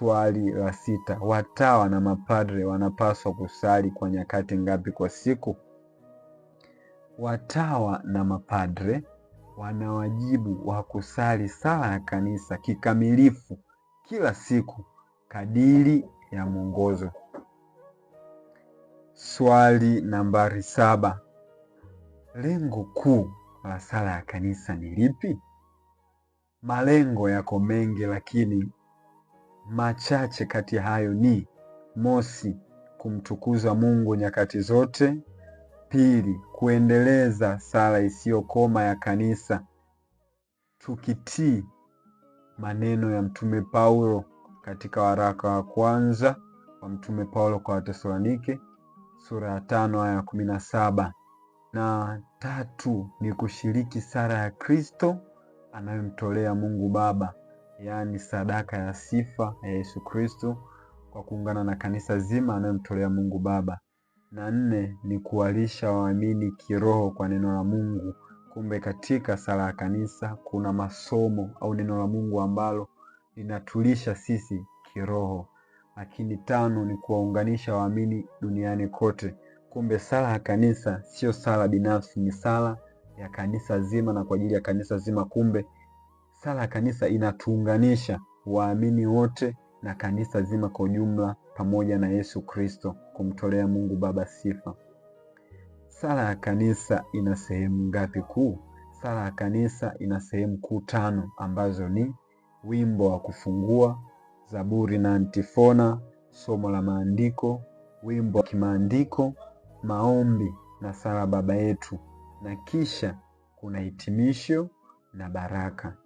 Swali la sita: watawa na mapadre wanapaswa kusali kwa nyakati ngapi kwa siku? Watawa na mapadre wana wajibu wa kusali sala ya kanisa kikamilifu kila siku kadiri ya mwongozo. Swali nambari saba: lengo kuu la sala ya kanisa ni lipi? Malengo yako mengi, lakini Machache kati hayo ni mosi, kumtukuza Mungu nyakati zote; pili, kuendeleza sala isiyokoma ya Kanisa tukitii maneno ya Mtume Paulo katika waraka wa kwanza wa Mtume Paulo kwa Watesalonike sura ya tano aya ya kumi na saba na tatu ni kushiriki sala ya Kristo anayomtolea Mungu Baba yaani sadaka ya sifa ya Yesu Kristo kwa kuungana na kanisa zima anayomtolea Mungu Baba, na nne ni kuwalisha waamini kiroho kwa neno la Mungu. Kumbe katika sala ya kanisa kuna masomo au neno la Mungu ambalo linatulisha sisi kiroho. Lakini tano ni kuwaunganisha waamini duniani kote. Kumbe sala ya kanisa sio sala binafsi, ni sala ya kanisa zima na kwa ajili ya kanisa zima. Kumbe Sala ya kanisa inatuunganisha waamini wote na kanisa zima kwa ujumla pamoja na Yesu Kristo kumtolea Mungu Baba sifa. Sala ya kanisa ina sehemu ngapi kuu? Sala ya kanisa ina sehemu kuu tano ambazo ni wimbo wa kufungua, zaburi na antifona, somo la maandiko, wimbo wa kimaandiko, maombi na sala Baba yetu, na kisha kuna hitimisho na baraka.